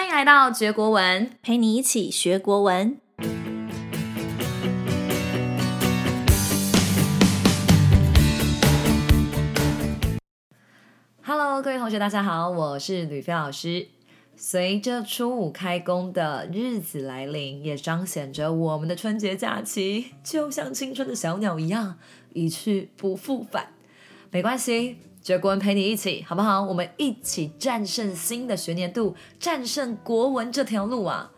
歡迎來到學國文，陪你一起學國文。Hello，各位同學，大家好，我是呂飛老師。隨着初五開工的日子來臨，也彰顯着我們的春節假期，就像青春的小鳥一樣，一去不復返。沒關係。覺得國文陪你一起，好不好？我們一起戰勝新的學年度，戰勝國文這條路啊。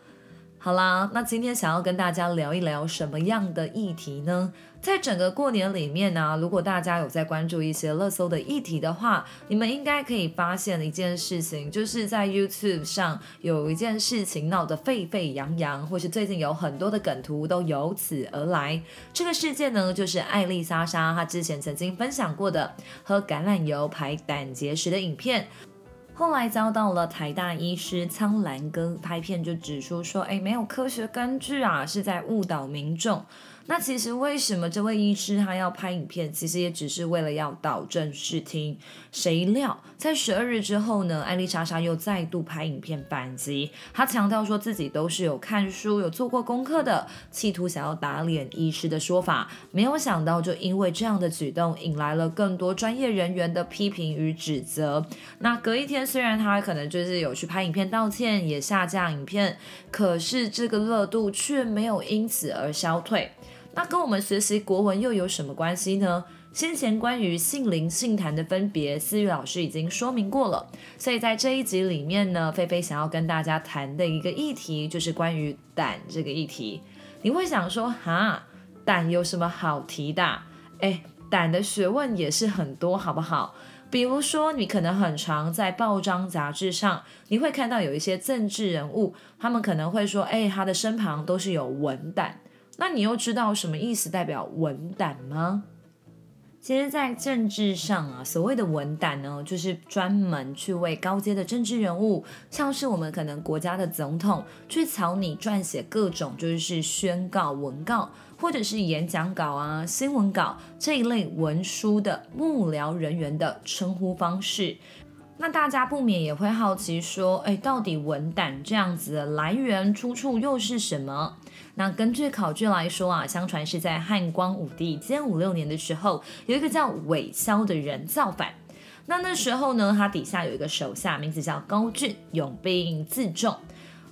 好啦，那今天想要跟大家聊一聊什麼樣的議題呢？在整個過年裡面呢、啊，如果大家有在關注一些熱搜的議題的話，你們應該可以發現一件事情，就是在 YouTube 上有一件事情鬧得沸沸揚揚，或是最近有很多的梗圖都由此而來。這個事件呢，就是艾麗莎莎她之前曾經分享過的喝橄欖油排膽結石的影片。後來遭到了台大醫師蒼藍鴿拍片，就指出說：“哎、欸，沒有科學根據啊，是在誤導民眾。”那其實為什麼這位醫師他要拍影片，其實也只是為了要導正視聽。誰料在十二日之後呢，艾麗莎莎又再度拍影片反擊。她強調說自己都是有看書、有做過功課的，企圖想要打臉醫師的說法。沒有想到，就因為這樣的舉動，引來了更多專業人員的批評與指責。那隔一天，雖然她可能就是有去拍影片道歉，也下架影片，可是這個熱度卻沒有因此而消退。那跟我們學習國文又有什麼關係呢？先前關於性靈性譚的分別，思雨老師已經說明過了。所以在這一集裡面呢，菲菲想要跟大家談的一個議題，就是關於膽這個議題。你會想說，哈，膽有什麼好提的？誒，膽的學問也是很多，好不好？比如說，你可能很常在報章雜誌上，你會看到有一些政治人物，他們可能會說，誒，他的身旁都是有文膽。那你又知道什麼意思，代表文膽嗎？其實，在政治上啊，所謂的文膽呢，就是專門去為高階的政治人物，像是我們可能國家的總統，去草擬、撰寫各種就是宣告文告，或者是演講稿啊、新聞稿這一類文書的幕僚人員的稱呼方式。那大家不免也會好奇說，哎，到底文膽這樣子的來源出處又是什麼？那根據考據來說啊，相傳是在漢光武帝建武六年的時候，有一個叫隗囂的人造反。那那時候呢，他底下有一個手下，名字叫高峻，擁兵自重。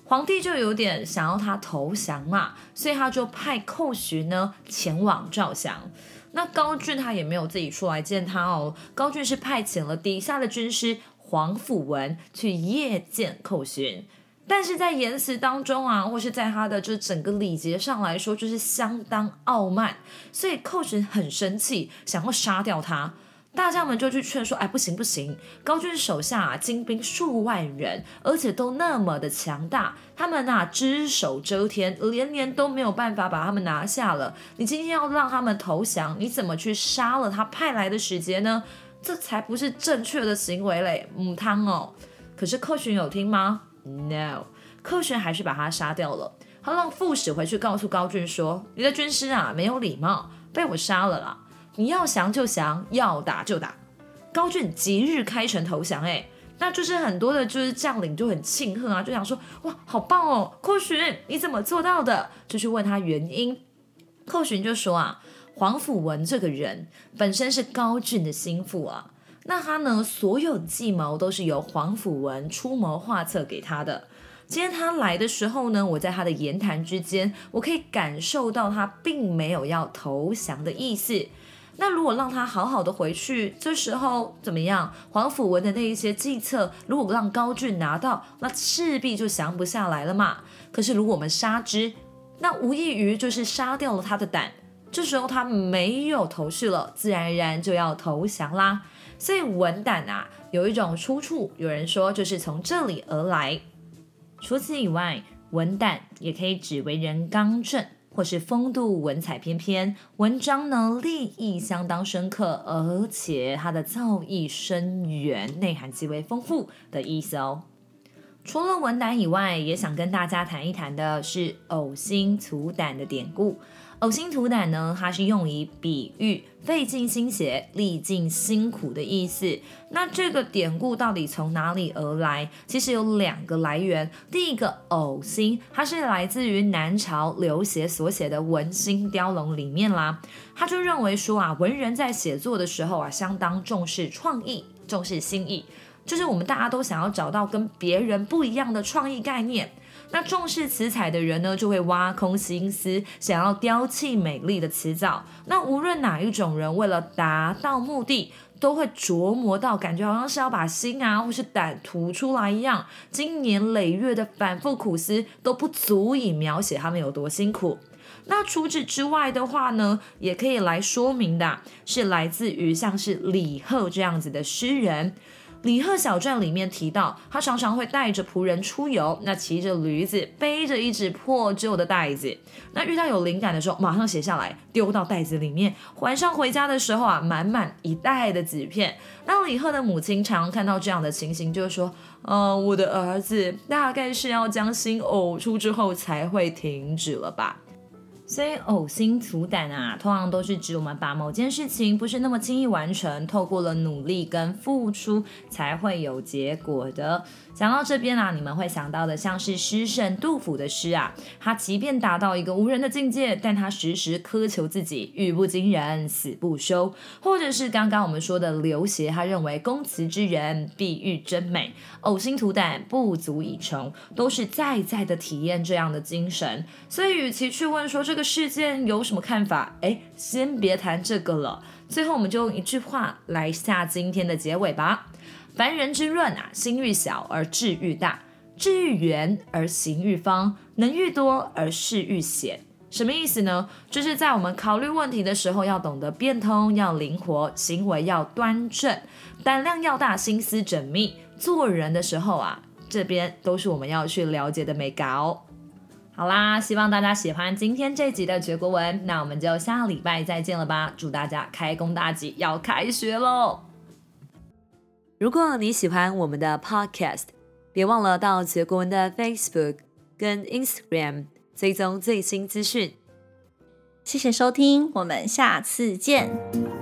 皇帝就有點想要他投降嘛，所以他就派寇恂呢前往招降。那高峻他也沒有自己出來見他哦，高峻是派遣了底下的軍師皇甫文去夜見寇恂。但是在言辭當中啊，或是在他的這整個禮節上來說，就是相當傲慢，所以寇準很生氣，想要殺掉他。大將們就去勸說：“哎，不行不行，高俊手下、啊、精兵數萬人，而且都那麼的強大，他們啊只手遮天，連年都沒有辦法把他們拿下了。你今天要讓他們投降，你怎麼去殺了他派來的使節呢？這才不是正確的行為嘞，母湯哦。可是寇準有聽嗎？” no，寇恂還是把他殺掉了。他讓副使回去告訴高俊說：“你的軍師啊，沒有禮貌，被我殺了啦！你要降就降，要打就打。”高俊即日開城投降、欸。哎，那就是很多的，就是將領就很慶賀啊，就想說：“哇，好棒哦，寇恂你怎麼做到的？”就去問他原因。寇恂就說：“啊，皇甫文這個人本身是高俊的心腹啊。”那他呢？所有計謀都是由皇甫文出謀劃策給他的。今天他來的時候呢，我在他的言談之間，我可以感受到他並沒有要投降的意思。那如果讓他好好的回去，這時候怎麼樣？皇甫文的那一些計策，如果讓高峻拿到，那勢必就降不下來了嘛。可是如果我們殺之，那無異於就是殺掉了他的膽。這時候他沒有頭緒了，自然而然就要投降啦。所以文膽啊，有一種出處，有人說就是從這裡而來。除此以外，文膽也可以指為人剛正，或是風度文采翩翩，文章呢立意相當深刻，而且它的造詣深遠，內涵極為豐富的意思哦。除了文膽以外，也想跟大家談一談的是嘔心吐膽的典故。嘔心吐膽呢，它是用以比喻費盡心血、歷盡辛苦的意思。那這個典故到底從哪裡而來？其實有兩個來源。第一個“嘔心”，它是來自於南朝劉勰所寫的《文心雕龍》裡面啦。他就認為說啊，文人在寫作的時候啊，相當重視創意，重視新意，就是我們大家都想要找到跟別人不一樣的創意概念。那重視辭采的人呢，就會挖空心思想要雕砌美麗的詞藻。那無論哪一種人，為了達到目的，都會琢磨到感覺好像是要把心啊或是膽吐出來一樣。經年累月的反復苦思都不足以描寫他們有多辛苦。那除此之外的話呢，也可以來說明的，是來自於像是李賀這樣子的詩人。李賀小傳裡面提到，他常常會帶着僕人出遊，那騎着驢子，背着一隻破舊的袋子。那遇到有靈感的時候，馬上寫下來，丟到袋子裡面。晚上回家的時候啊，滿滿一袋的紙片。那李賀的母親常常看到這樣的情形，就說：“嗯、呃，我的兒子大概是要將心嘔出之後才會停止了吧。”所以嘔心吐膽啊，通常都是指我們把某件事情不是那麼輕易完成，透過了努力跟付出才會有結果的。講到這邊啊，你們會想到的像是詩聖杜甫的詩啊，他即便達到一個無人的境界，但他時時苛求自己，語不驚人死不休，或者是剛剛我們說的劉勰，他認為工辭之人必欲臻美，嘔心吐膽不足以成，都是在在的體驗這樣的精神。所以，與其去問說這個。這事件有什麼看法？哎，先別談這個了。最後，我們就用一句話來下今天的結尾吧：凡人之論啊，心欲小而志欲大，智欲圓而行欲方，能欲多而事欲鮮。什麼意思呢？就是在我們考慮問題的時候，要懂得變通，要靈活，行為要端正，膽量要大，心思縝密。做人的時候啊，這邊都是我們要去了解的眉角哦。好啦，希望大家喜歡今天這集的覺國文，那我們就下禮拜再見了吧！祝大家開工大吉，要開學嘍！如果你喜歡我們的 podcast，別忘了到覺國文的 Facebook 跟 Instagram 追蹤最新資訊。謝謝收聽，我們下次見。